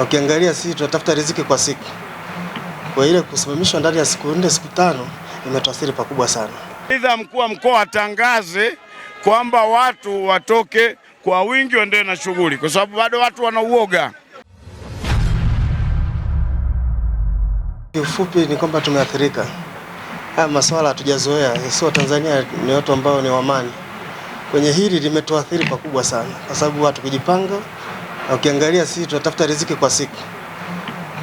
Ukiangalia sisi tunatafuta riziki kwa siku, kwa ile kusimamishwa ndani ya siku nne siku tano imetuathiri pakubwa sana. Aidha, mkuu wa mkoa atangaze kwamba watu watoke kwa wingi waendelee na shughuli, kwa sababu bado watu wanauoga. Kiufupi ni kwamba tumeathirika. Haya masuala hatujazoea, sio Tanzania, ni watu ambao ni wamani. Kwenye hili limetuathiri pakubwa sana, kwa sababu watu kujipanga na ukiangalia sisi tunatafuta riziki kwa siku,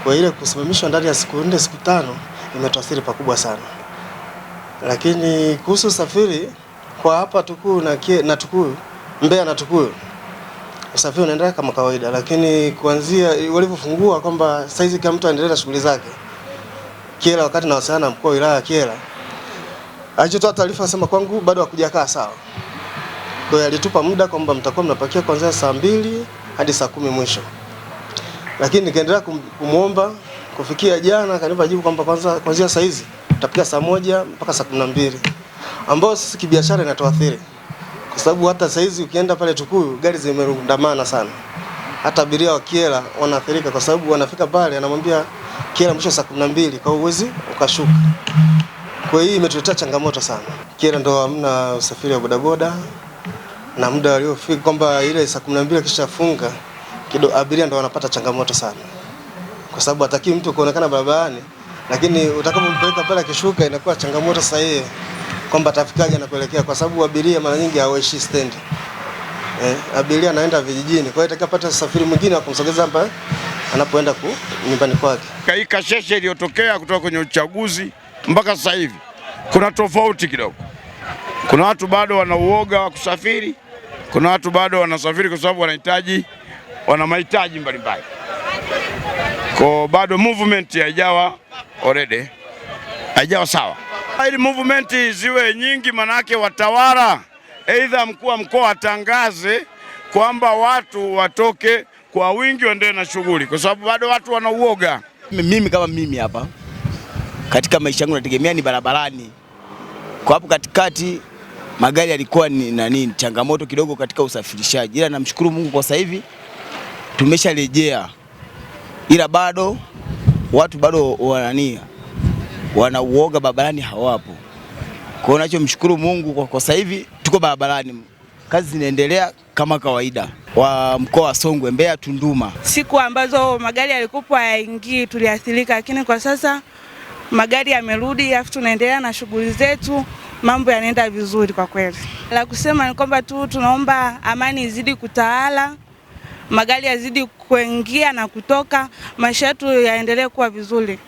kwa ile kusimamishwa ndani ya siku nne siku tano imetuathiri pakubwa sana. Lakini kuhusu usafiri kwa hapa Tukuyu na, na Tukuyu Mbeya na Tukuyu usafiri unaendelea kama kawaida, lakini kuanzia walivyofungua kwamba saizi kila mtu aendelee na shughuli zake Kiela, wakati nawasiliana na mkuu wa wilaya ya Kyela alichotoa taarifa asema kwangu bado hakujakaa sawa. Kwa hiyo alitupa muda kwamba mtakuwa mnapakia kuanzia saa mbili hadi saa kumi mwisho, lakini nikaendelea kumwomba kufikia jana akanipa jibu kwamba kwanza kuanzia saa hizi tutapika saa moja mpaka saa kumi na mbili ambayo sisi kibiashara inatuathiri kwa sababu hata saa hizi ukienda pale Tukuyu gari zimerundamana sana, hata abiria wa Kiela wanaathirika kwa sababu wanafika pale anamwambia Kiela mwisho saa kumi na mbili kwa uwezi ukashuka. Kwa hiyo imetuletea changamoto sana. Kiela ndo hamna usafiri wa bodaboda na muda waliofika kwamba ile saa kumi na mbili akishafunga kidogo, abiria ndo wanapata changamoto sana, kwa sababu hataki mtu kuonekana barabarani, lakini utakapompeleka pale akishuka inakuwa changamoto sasa hiyo kwamba atafikaje na kuelekea, kwa sababu abiria mara nyingi hawaishi stendi eh, abiria anaenda vijijini, kwa hiyo atakapata safari mwingine wa kumsogeza hapa anapoenda ku nyumbani kwake. Kaika sheshe iliyotokea kutoka kwenye uchaguzi mpaka sasa hivi kuna tofauti kidogo, kuna watu bado wanauoga wa kusafiri. Kuna watu bado wanasafiri kwa sababu wanahitaji, wana mahitaji mbalimbali, kwa bado movement haijawa already, haijawa sawa. Ili movement ziwe nyingi, manake watawala, aidha mkuu wa mkoa atangaze kwamba watu watoke kwa wingi waendelee na shughuli, kwa sababu bado watu wanauoga. Mimi kama mimi hapa katika maisha yangu nategemea ni barabarani, kwa hapo katikati magari yalikuwa ni nani, changamoto kidogo katika usafirishaji, ila namshukuru Mungu kwa sasa hivi tumesharejea, ila bado watu bado wanania wanauoga barabarani hawapo. Kwa hiyo nachomshukuru Mungu kwa sasa hivi tuko barabarani, kazi zinaendelea kama kawaida wa mkoa wa Songwe, Mbeya, Tunduma. Siku ambazo magari yalikupo yaingii tuliathirika, lakini kwa sasa magari yamerudi, afu tunaendelea na shughuli zetu mambo yanaenda vizuri kwa kweli. La kusema ni kwamba tu tunaomba amani izidi kutawala, magari yazidi kuingia na kutoka, maisha yetu yaendelee kuwa vizuri.